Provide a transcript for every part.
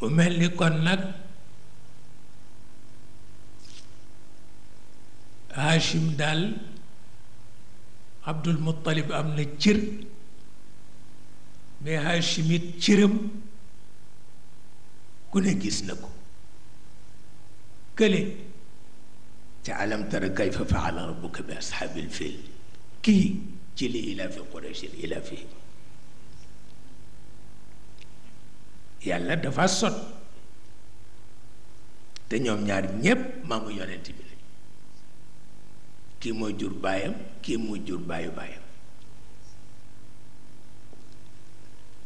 mu mel ni kon nag Hachim daal Abdul Muttalib am na cër mais Hachim it cëram ku ne gis na ko kële te alam tara kayfa faala rabbuka bi ashaabil fiil kii ci li ilaafi Quraysh ilaafihim yàlla dafa sot te ñoom ñaar ñépp maamu yonent bi lañ kii mooy jur baayam kii mooy jur baayu baayam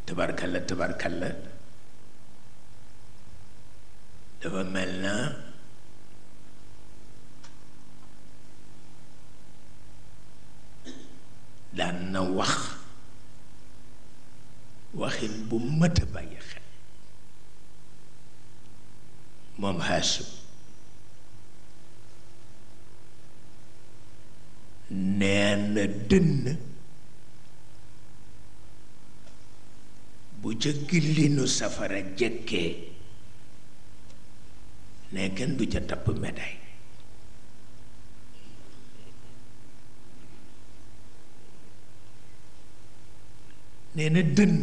tabarkalla tabarkalla dafa mel na daan na wax waxin bu mët a bàyyi xel moom Haasim nee dënn bu ca gillinu safara jëkkee ne kenn du ca tapp médaille nee dënn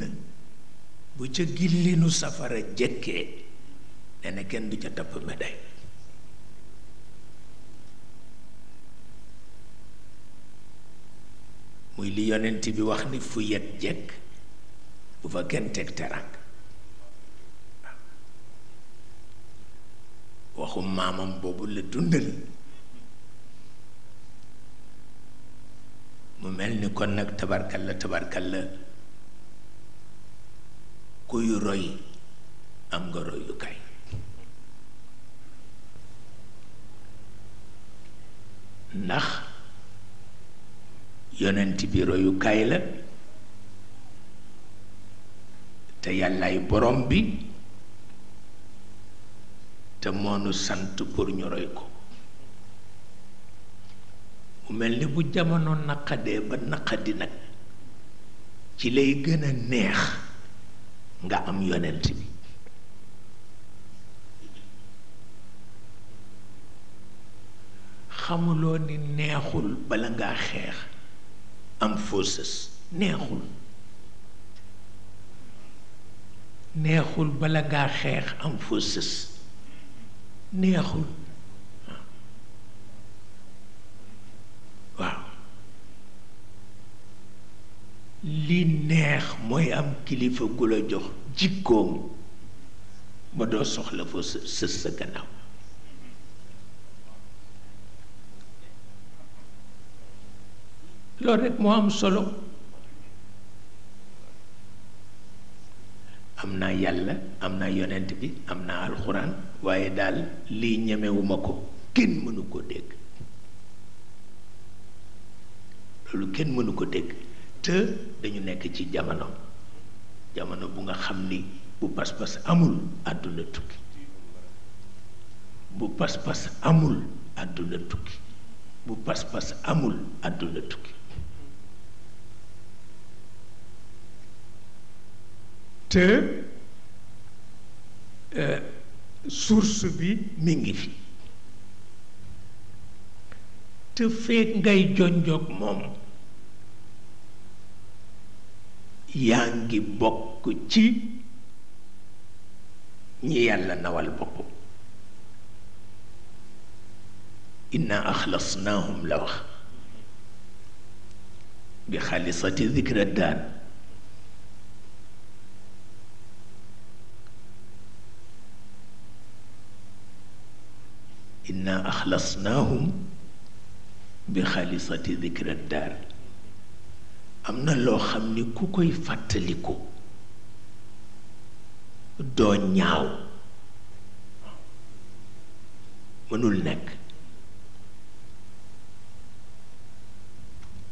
bu ca gillinu safara jëkkee nee na kenn du ca tapp médaille muy li yonent bi wax ni fu yet jekk bu fa kenn teg terang waxu maamam boobu la dundal mu mel ni kon nag tabarkalla la kuy roy am nga royukaay ndax yonent bi royukaay la te yàllaay borom bi te moonu sant pour ñu roy ko mu mel ni bu jamono naqadee ba naqadi nag ci lay gëna neex nga am yonent bi xamuloo ni neexul bala ngaa xeex am faussës neexul neexul bala ngaa xeex am faussës neexul waaw li neex mooy am kilifa gu la jox jikkoom ba doo soxla fa sës sa gannaaw loolu rek moo am solo am naa yàlla am naa yonent bi am naa alxuraan waaye daal lii ñemewuma ko kenn mënu ko dégg loolu kenn mënu ko dégg te dañu nekk ci jamono jamono bu nga xam ni bu pas-pas amul àdduna tukki bu pas-pas amul àdduna tukki bu pas-pas amul àdduna tukki te e, source bi mi ngi fi te feek ngay jonjoog moom yaa ngi bokk ci ñi yàlla nawal bopp inna axlasnaahum la wax bi xaalisati dikra daan inna axlasnaahum bi xaalisati dikra daar am na loo xam ni ku koy fàttaliku doo ñaaw mënul nekk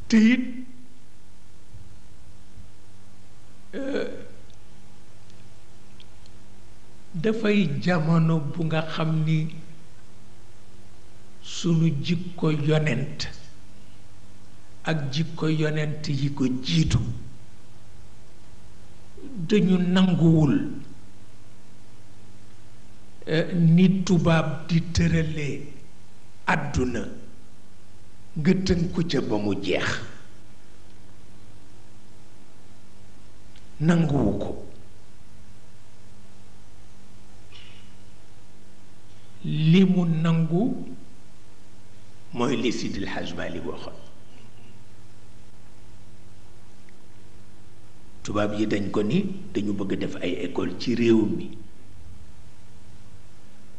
te euh, dafay jamono bu nga xam ni sunu jikko yonent ak jikko yonent yi ko jiitu dañu nanguwul eh, ni tubaab di tëralee àdduna nga tënku ca ba mu jeex nanguwu ko li mu nangu mooy li Sidil Hadj Malick waxoon tubaab yi dañ ko ni dañu bëgg def ay école ci réew mi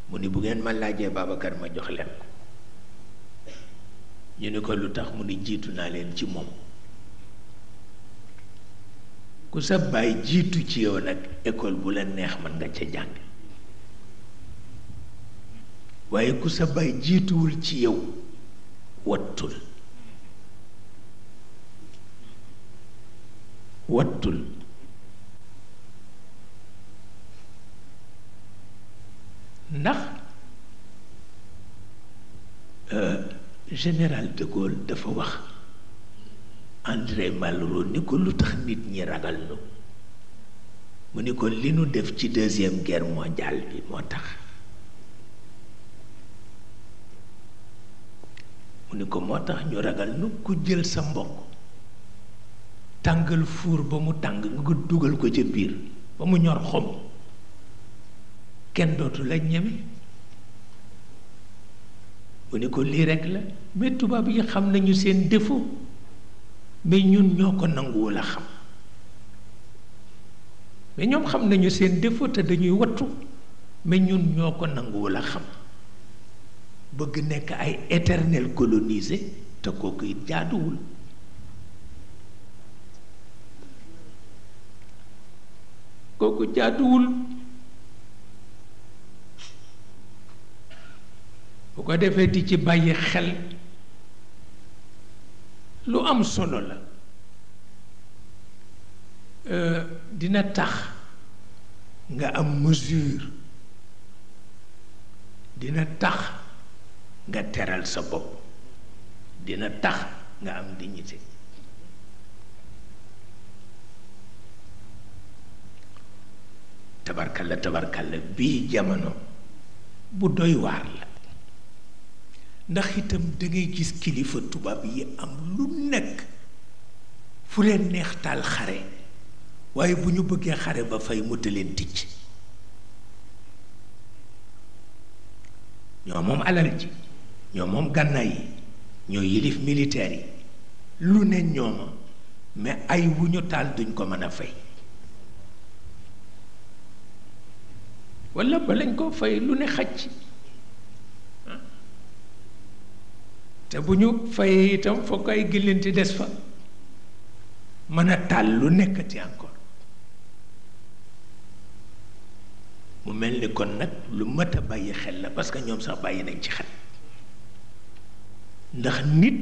mu ni bu ngeen ma laajee Babacar ma jox leen ko ñu ne ko lu tax mu ni jiitu naa leen ci moom ku sa baay jiitu ci yow nag école bu la neex mën nga ca jàng waaye ku sa baay jiituwul ci yow والتل والتل نخ أه، جنرال دغول دفا واخ اندري مالرو نيكو لوتخ نيت ني راغال نو مونيكو لينو ديف سي دوزيام غير مونديال بي موتاخ mu ni ko moo tax ñu ragal nu ku jël sa mbokk tàngal fuur ba mu tàng nga dugal ko ca biir ba mu ñor xom kenn dootu la ñeme mu ni ko lii rekk la mais tubaab yi xam nañu seen défaut mais ñun ñoo ko nanguwul a xam mais ñoom xam nañu seen défaut te dañuy wattu mais ñun ñoo ko nanguwul a xam bëgg nekk ay éternel colonisé te kooku it jaaduwul kooku jaaduwul bu ko defee di ci bàyyi xel lu am solo la euh, dina tax nga am mesure dina tax nga teral sa bopp dina tax nga am dignité tabarkalla tabarkalla bii jamono bu doy waar la ndax itam dangay gis kilifa tubaab yi am lu nekk fu leen neex xare waaye bu ñu bëggee xare ba fay mu leen ticc ñoo moom alal ji ñoo moom gànnaay yi ñoo yilif militaire yi lu ne ñooma mais ay wu ñu taal duñ ko mën a fay walla ba lañ ko fay lu ne xaj te bu ñu fayee itam fokk ay gillanti des fa mën a taal lu nekkati encore mu mel ni kon nag lu mat a bàyyi xel la parce que ñoom sax bàyyi nañ ci xel ndax nit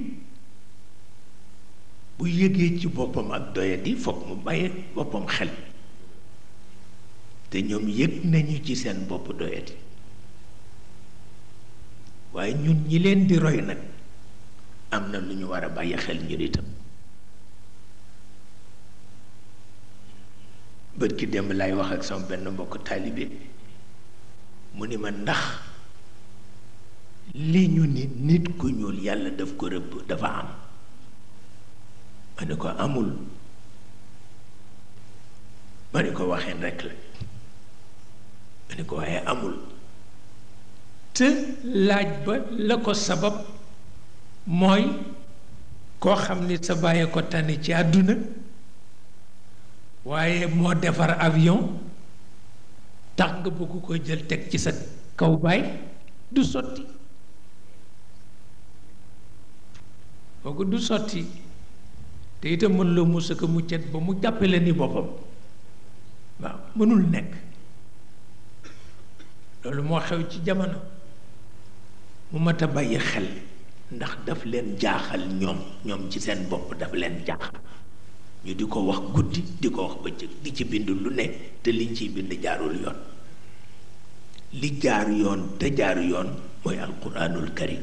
bu yëgee ci boppam ak doyadi foog mu bàyyi boppam xel te ñoom yëg nañu ci seen bopp doyadi waaye ñun ñi leen di roy nag am na lu ñu war a bàyyi xel ñu bët ki démb lay wax ak sama benn mbokk taalibe mu ni ma ndax li ñu ni nit ku ñuul yàlla daf ko rëbb dafa am ma ne ko amul ma ne ko waxeen rekk la ma ne ko waaye amul te laaj ba la ko sabab mooy koo xam ni sa bàyyi ko tane ci àdduna waaye moo defar avion tax nga bëgg ko jël teg ci sa kaw baay du sotti kooku du sotti te itam mën loo musa ko mu cet ba mu jàppale ni boppam waaw mënul nekk loolu moo xew ci jamono mu mat a bàyyi xel ndax daf leen jaaxal ñoom ñoom ci seen bopp daf leen jaaxal ñu di ko wax guddi di ko wax bëccëg di ci bind lu ne te liñ ciy bind jaarul yoon li jaar yoon te jaar yoon mooy alquranul karim